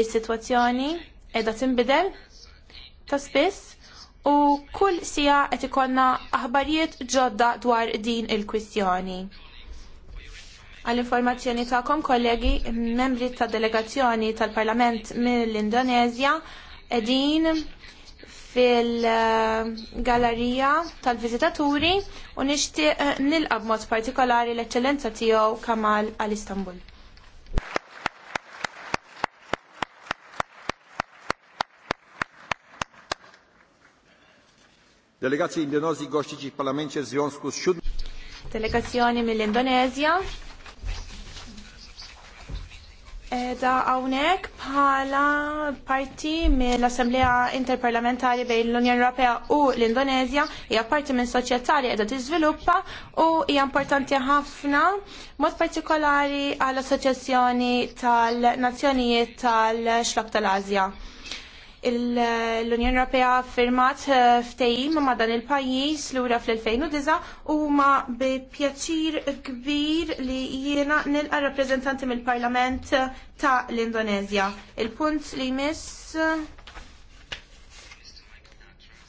Is-sitwazzjoni qiegħda tinbidel ta' spiss u kull sija qed ikollna aħbarijiet ġodda dwar din il-kwistjoni. Għall-informazzjoni tagħkom kollegi, membri ta' delegazzjoni tal-Parlament mill-Indonezja qegħdin fil galerija tal-viżitaturi u nixtieq nilqab mod partikolari l eccellenza tiegħu Kamal għal Istanbul. Delegacji Indonezji gości dziś w parlamencie w związku z siódmym... Delegazzjoni mill-Indonezja. Da awnek bħala parti mill-Assemblea Interparlamentari bejn l-Unjoni Ewropea u l-Indonezja hija parti minn soċjetà li qiegħda tiżviluppa u hija importanti ħafna mod partikolari għall assoċjazzjoni tal-Nazzjonijiet tal-Xlok tal azja l-Unjoni Ewropea firmat eh, ftehim ma' dan il-pajjiż lura fl-2009 u ma' bi pjaċir kbir li jiena nilqa rappreżentanti mill-Parlament ta' l-Indonezja. Il-punt li jmiss